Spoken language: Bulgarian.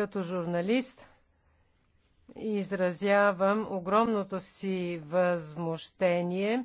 Като журналист изразявам огромното си възмущение